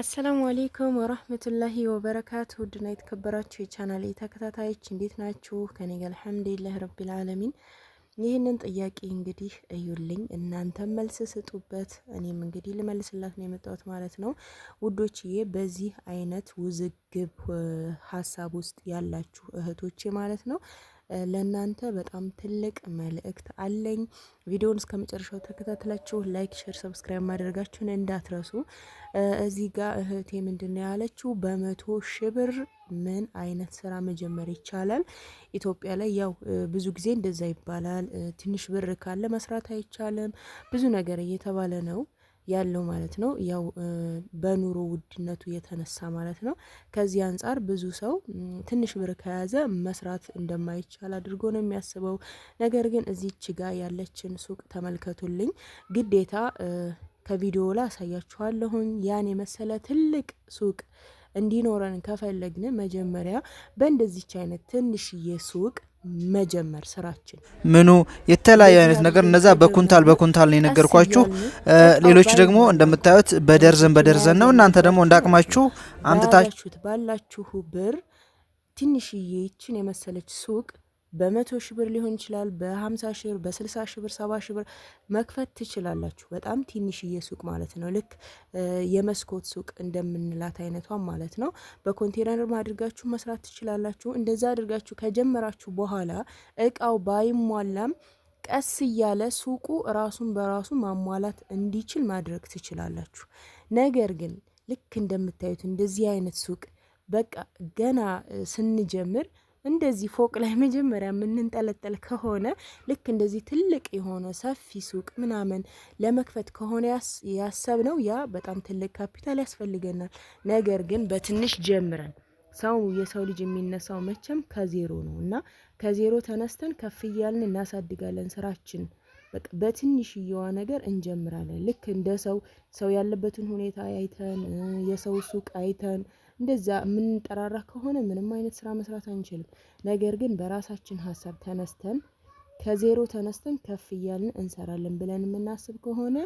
አሰላሙ አሌይኩም ወራህመቱላሂ ወበረካቱ ውድና የተከበራችሁ የቻናል ተከታታዮች እንዴት ናችሁ? ከኔ ጋር አልሐምዱሊላህ ረቢል አለሚን። ይህንን ጥያቄ እንግዲህ እዩልኝ፣ እናንተም መልስ ስጡበት፣ እኔም እንግዲህ ልመልስላት ነው የመጣሁት ማለት ነው ውዶችዬ። በዚህ አይነት ውዝግብ ሀሳብ ውስጥ ያላችሁ እህቶቼ ማለት ነው ለእናንተ በጣም ትልቅ መልእክት አለኝ። ቪዲዮውን እስከ መጨረሻው ተከታትላችሁ ላይክ፣ ሼር፣ ሰብስክራይብ ማድረጋችሁን እንዳትረሱ። እዚህ ጋር እህቴ ምንድን ነው ያለችው? በመቶ ሺህ ብር ምን አይነት ስራ መጀመር ይቻላል? ኢትዮጵያ ላይ ያው ብዙ ጊዜ እንደዛ ይባላል። ትንሽ ብር ካለ መስራት አይቻልም፣ ብዙ ነገር እየተባለ ነው። ያለው ማለት ነው። ያው በኑሮ ውድነቱ የተነሳ ማለት ነው። ከዚህ አንጻር ብዙ ሰው ትንሽ ብር ከያዘ መስራት እንደማይቻል አድርጎ ነው የሚያስበው። ነገር ግን እዚች ጋ ያለችን ሱቅ ተመልከቱልኝ ግዴታ ከቪዲዮ ላይ አሳያችኋለሁኝ። ያን የመሰለ ትልቅ ሱቅ እንዲኖረን ከፈለግን መጀመሪያ በእንደዚች አይነት ትንሽዬ ሱቅ መጀመር ስራችን ምኑ የተለያዩ አይነት ነገር እነዛ በኩንታል በኩንታል ነው የነገርኳችሁ። ሌሎች ደግሞ እንደምታዩት በደርዘን በደርዘን ነው። እናንተ ደግሞ እንዳቅማችሁ አምጥታችሁት ባላችሁ ብር ትንሽዬ ይችን የመሰለች ሱቅ በመቶ ሺህ ብር ሊሆን ይችላል። በሀምሳ ሺህ ብር፣ በስልሳ ሺህ ብር፣ ሰባ ሺህ ብር መክፈት ትችላላችሁ። በጣም ትንሽዬ ሱቅ ማለት ነው። ልክ የመስኮት ሱቅ እንደምንላት አይነቷን ማለት ነው። በኮንቴነርም አድርጋችሁ መስራት ትችላላችሁ። እንደዛ አድርጋችሁ ከጀመራችሁ በኋላ እቃው ባይሟላም ቀስ እያለ ሱቁ ራሱን በራሱ ማሟላት እንዲችል ማድረግ ትችላላችሁ። ነገር ግን ልክ እንደምታዩት እንደዚህ አይነት ሱቅ በቃ ገና ስንጀምር እንደዚህ ፎቅ ላይ መጀመሪያ የምንንጠለጠል ከሆነ ልክ እንደዚህ ትልቅ የሆነ ሰፊ ሱቅ ምናምን ለመክፈት ከሆነ ያሰብ ነው ያ በጣም ትልቅ ካፒታል ያስፈልገናል። ነገር ግን በትንሽ ጀምረን ሰው የሰው ልጅ የሚነሳው መቼም ከዜሮ ነው እና ከዜሮ ተነስተን ከፍ እያልን እናሳድጋለን ስራችን በትንሽየዋ ነገር እንጀምራለን። ልክ እንደ ሰው ሰው ያለበትን ሁኔታ አይተን የሰው ሱቅ አይተን እንደዛ የምንጠራራ ከሆነ ምንም አይነት ስራ መስራት አንችልም። ነገር ግን በራሳችን ሀሳብ ተነስተን ከዜሮ ተነስተን ከፍ እያልን እንሰራለን ብለን የምናስብ ከሆነ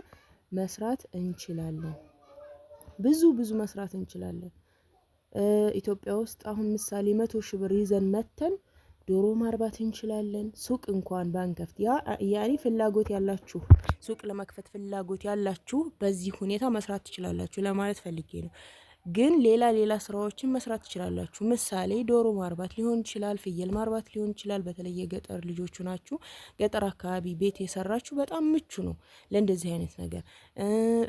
መስራት እንችላለን። ብዙ ብዙ መስራት እንችላለን። ኢትዮጵያ ውስጥ አሁን ምሳሌ መቶ ሺህ ብር ይዘን መተን ዶሮ ማርባት እንችላለን። ሱቅ እንኳን ባንከፍት፣ ያኔ ፍላጎት ያላችሁ ሱቅ ለመክፈት ፍላጎት ያላችሁ በዚህ ሁኔታ መስራት ትችላላችሁ ለማለት ፈልጌ ነው። ግን ሌላ ሌላ ስራዎችን መስራት ትችላላችሁ። ምሳሌ ዶሮ ማርባት ሊሆን ይችላል፣ ፍየል ማርባት ሊሆን ይችላል። በተለይ የገጠር ልጆቹ ናችሁ፣ ገጠር አካባቢ ቤት የሰራችሁ በጣም ምቹ ነው ለእንደዚህ አይነት ነገር።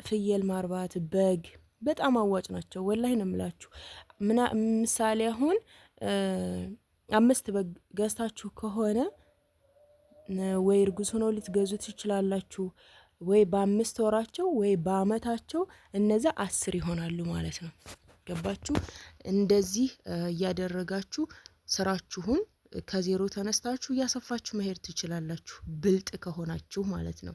ፍየል ማርባት፣ በግ በጣም አዋጭ ናቸው። ወላሂ ነው የምላችሁ። ምሳሌ አሁን አምስት በግ ገዝታችሁ ከሆነ ወይ እርጉዝ ሆነው ልትገዙ ትችላላችሁ ወይ በአምስት ወራቸው ወይ በአመታቸው እነዛ አስር ይሆናሉ ማለት ነው። ገባችሁ? እንደዚህ እያደረጋችሁ ስራችሁን ከዜሮ ተነስታችሁ እያሰፋችሁ መሄድ ትችላላችሁ፣ ብልጥ ከሆናችሁ ማለት ነው።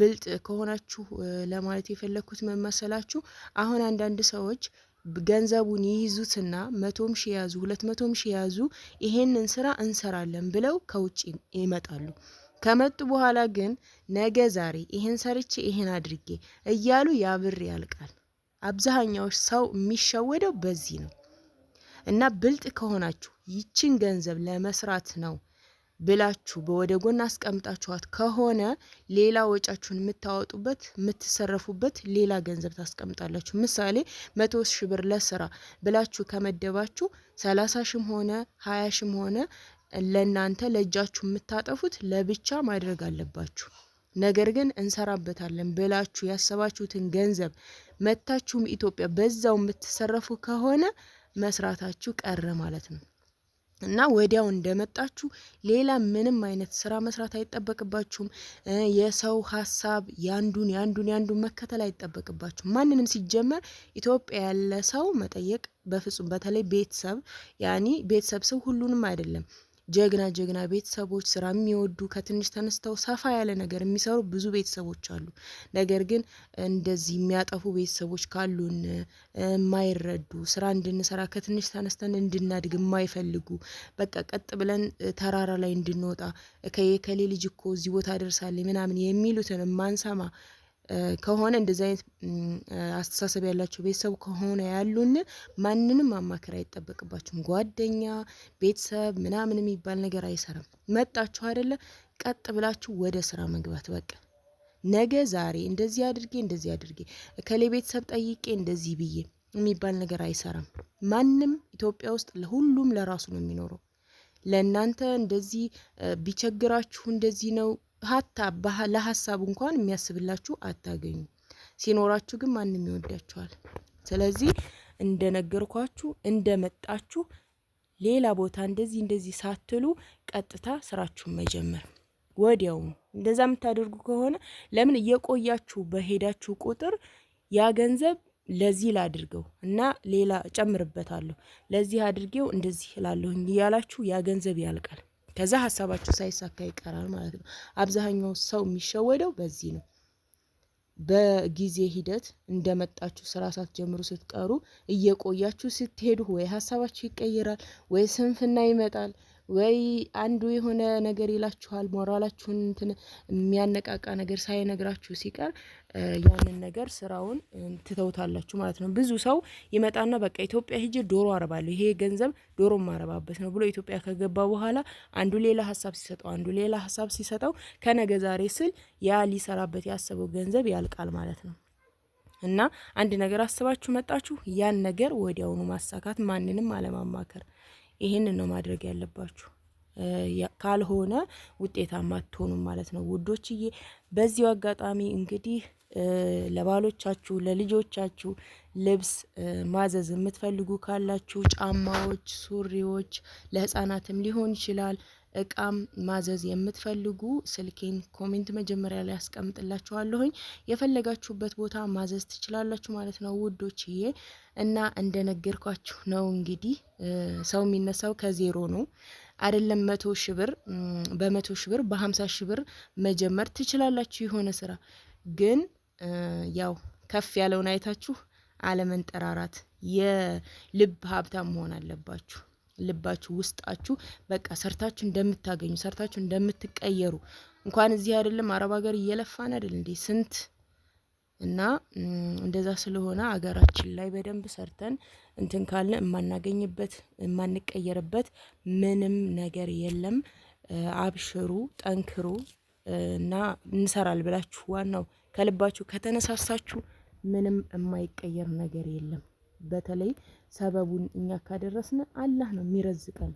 ብልጥ ከሆናችሁ ለማለት የፈለግኩት መመሰላችሁ አሁን አንዳንድ ሰዎች ገንዘቡን ይይዙትና መቶም ሺ ያዙ ሁለት መቶም ሺ ያዙ ይሄንን ስራ እንሰራለን ብለው ከውጭ ይመጣሉ። ከመጡ በኋላ ግን ነገ ዛሬ ይሄን ሰርቼ ይሄን አድርጌ እያሉ ያብር ያልቃል። አብዛኛው ሰው የሚሸወደው በዚህ ነው። እና ብልጥ ከሆናችሁ ይችን ገንዘብ ለመስራት ነው ብላችሁ በወደ ጎን አስቀምጣችኋት ከሆነ ሌላ ወጫችሁን የምታወጡበት የምትሰረፉበት ሌላ ገንዘብ ታስቀምጣላችሁ። ምሳሌ መቶ ሺ ብር ለስራ ብላችሁ ከመደባችሁ ሰላሳ ሽም ሆነ ሀያ ሽም ሆነ ለእናንተ ለእጃችሁ የምታጠፉት ለብቻ ማድረግ አለባችሁ። ነገር ግን እንሰራበታለን ብላችሁ ያሰባችሁትን ገንዘብ መታችሁም ኢትዮጵያ በዛው የምትሰረፉ ከሆነ መስራታችሁ ቀረ ማለት ነው እና ወዲያው እንደመጣችሁ ሌላ ምንም አይነት ስራ መስራት አይጠበቅባችሁም። የሰው ሀሳብ ያንዱን ያንዱን ያንዱን መከተል አይጠበቅባችሁም። ማንንም ሲጀመር ኢትዮጵያ ያለ ሰው መጠየቅ በፍጹም በተለይ ቤተሰብ ያኒ ቤተሰብ ሰው ሁሉንም አይደለም ጀግና ጀግና ቤተሰቦች ስራ የሚወዱ ከትንሽ ተነስተው ሰፋ ያለ ነገር የሚሰሩ ብዙ ቤተሰቦች አሉ። ነገር ግን እንደዚህ የሚያጠፉ ቤተሰቦች ካሉን የማይረዱ ስራ እንድንሰራ ከትንሽ ተነስተን እንድናድግ የማይፈልጉ በቃ ቀጥ ብለን ተራራ ላይ እንድንወጣ ከየከሌ ልጅ እኮ እዚህ ቦታ ደርሳለ ምናምን የሚሉትን ማንሰማ ከሆነ እንደዚህ አይነት አስተሳሰብ ያላቸው ቤተሰብ ከሆነ ያሉን ማንንም ማማከር አይጠበቅባችሁም። ጓደኛ፣ ቤተሰብ ምናምን የሚባል ነገር አይሰራም። መጣችሁ አይደለ? ቀጥ ብላችሁ ወደ ስራ መግባት በቃ ነገ ዛሬ እንደዚህ አድርጌ እንደዚህ አድርጌ ከሌ ቤተሰብ ጠይቄ እንደዚህ ብዬ የሚባል ነገር አይሰራም። ማንም ኢትዮጵያ ውስጥ ለሁሉም ለራሱ ነው የሚኖረው። ለእናንተ እንደዚህ ቢቸግራችሁ እንደዚህ ነው ሀታ ለሀሳብ እንኳን የሚያስብላችሁ አታገኙ። ሲኖራችሁ ግን ማንም ይወዳችኋል። ስለዚህ እንደነገርኳችሁ እንደመጣችሁ ሌላ ቦታ እንደዚህ እንደዚህ ሳትሉ ቀጥታ ስራችሁን መጀመር ወዲያውኑ። እንደዛ የምታደርጉ ከሆነ ለምን እየቆያችሁ በሄዳችሁ ቁጥር ያ ገንዘብ ለዚህ ላድርገው እና ሌላ እጨምርበታለሁ፣ ለዚህ አድርጌው እንደዚህ እላለሁኝ እያላችሁ ያ ገንዘብ ያልቃል። ከዛ ሀሳባችሁ ሳይሳካ ይቀራል ማለት ነው። አብዛኛው ሰው የሚሸወደው በዚህ ነው። በጊዜ ሂደት እንደመጣችሁ ስራ ሳትጀምሩ ስትቀሩ እየቆያችሁ ስትሄዱ ወይ ሀሳባችሁ ይቀየራል ወይ ስንፍና ይመጣል። ወይ አንዱ የሆነ ነገር ይላችኋል፣ ሞራላችሁን እንትን የሚያነቃቃ ነገር ሳይነግራችሁ ሲቀር ያንን ነገር ስራውን ትተውታላችሁ ማለት ነው። ብዙ ሰው ይመጣና በቃ ኢትዮጵያ ሂጅ ዶሮ አረባለሁ ይሄ ገንዘብ ዶሮ ማረባበት ነው ብሎ ኢትዮጵያ ከገባ በኋላ አንዱ ሌላ ሀሳብ ሲሰጠው አንዱ ሌላ ሀሳብ ሲሰጠው ከነገ ዛሬ ስል ያ ሊሰራበት ያሰበው ገንዘብ ያልቃል ማለት ነው። እና አንድ ነገር አስባችሁ መጣችሁ ያን ነገር ወዲያውኑ ማሳካት ማንንም አለማማከር ይሄንን ነው ማድረግ ያለባችሁ። ካልሆነ ውጤታማ አትሆኑም ማለት ነው ውዶችዬ። በዚሁ አጋጣሚ እንግዲህ ለባሎቻችሁ ለልጆቻችሁ ልብስ ማዘዝ የምትፈልጉ ካላችሁ ጫማዎች፣ ሱሪዎች ለህፃናትም ሊሆን ይችላል እቃም ማዘዝ የምትፈልጉ ስልኬን ኮሜንት መጀመሪያ ላይ አስቀምጥላችኋለሁኝ። የፈለጋችሁበት ቦታ ማዘዝ ትችላላችሁ ማለት ነው ውዶችዬ። እና እንደነገርኳችሁ ነው እንግዲህ ሰው የሚነሳው ከዜሮ ነው አይደለም። መቶ ሺ ብር በመቶ ሺ ብር በሀምሳ ሺ ብር መጀመር ትችላላችሁ የሆነ ስራ ግን ያው ከፍ ያለውን አይታችሁ አለመንጠራራት የልብ ሀብታም መሆን አለባችሁ። ልባችሁ፣ ውስጣችሁ በቃ ሰርታችሁ እንደምታገኙ ሰርታችሁ እንደምትቀየሩ እንኳን እዚህ አይደለም አረብ ሀገር እየለፋን አይደል እንዴ ስንት እና እንደዛ ስለሆነ አገራችን ላይ በደንብ ሰርተን እንትን ካለ የማናገኝበት የማንቀየርበት ምንም ነገር የለም። አብሽሩ፣ ጠንክሩ እና እንሰራል ብላችሁ ዋናው ከልባችሁ ከተነሳሳችሁ ምንም የማይቀየር ነገር የለም። በተለይ ሰበቡን እኛ ካደረስን አላህ ነው የሚረዝቀን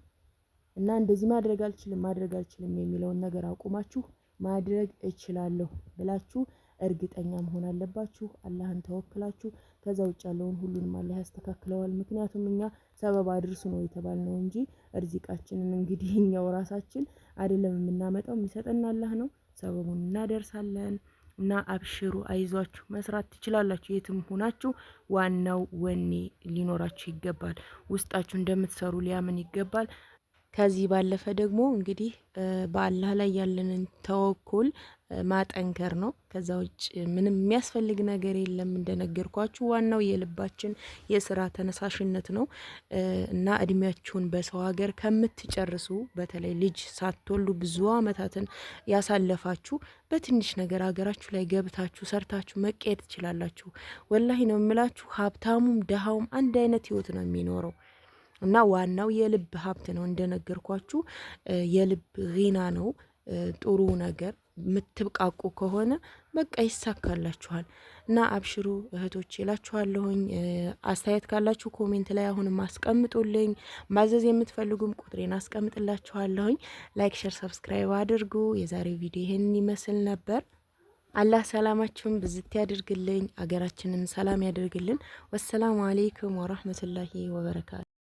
እና እንደዚህ ማድረግ አልችልም ማድረግ አልችልም የሚለውን ነገር አቁማችሁ ማድረግ እችላለሁ ብላችሁ እርግጠኛ መሆን አለባችሁ። አላህን ተወክላችሁ። ከዛ ውጭ ያለውን ሁሉንም አላህ ያስተካክለዋል። ምክንያቱም እኛ ሰበብ አድርሱ ነው የተባልነው እንጂ እርዚቃችንን እንግዲህ እኛው ራሳችን አይደለም የምናመጣው፣ የሚሰጠን አላህ ነው። ሰበቡን እናደርሳለን። እና አብሽሩ፣ አይዟችሁ፣ መስራት ትችላላችሁ የትም ሆናችሁ። ዋናው ወኔ ሊኖራችሁ ይገባል። ውስጣችሁ እንደምትሰሩ ሊያምን ይገባል። ከዚህ ባለፈ ደግሞ እንግዲህ በአላህ ላይ ያለንን ተወኩል ማጠንከር ነው። ከዛ ውጭ ምንም የሚያስፈልግ ነገር የለም። እንደነገርኳችሁ ዋናው የልባችን የስራ ተነሳሽነት ነው እና እድሜያችሁን በሰው ሀገር ከምትጨርሱ በተለይ ልጅ ሳትወሉ ብዙ አመታትን ያሳለፋችሁ በትንሽ ነገር ሀገራችሁ ላይ ገብታችሁ ሰርታችሁ መቀየር ትችላላችሁ። ወላሂ ነው የምላችሁ። ሀብታሙም ደሃውም አንድ አይነት ህይወት ነው የሚኖረው እና ዋናው የልብ ሀብት ነው። እንደነገርኳችሁ የልብ ሪና ነው ጥሩ ነገር የምትብቃቁ ከሆነ በቃ ይሳካላችኋል። እና አብሽሩ እህቶች ይላችኋለሁኝ። አስተያየት ካላችሁ ኮሜንት ላይ አሁንም አስቀምጡልኝ። ማዘዝ የምትፈልጉም ቁጥሬን አስቀምጥላችኋለሁኝ። ላይክ፣ ሸር፣ ሰብስክራይብ አድርጉ። የዛሬው ቪዲዮ ይህን ይመስል ነበር። አላህ ሰላማችሁን ብዝት ያድርግልኝ፣ አገራችንን ሰላም ያድርግልን። ወሰላሙ አሌይኩም ወራህመቱላሂ ወበረካቱ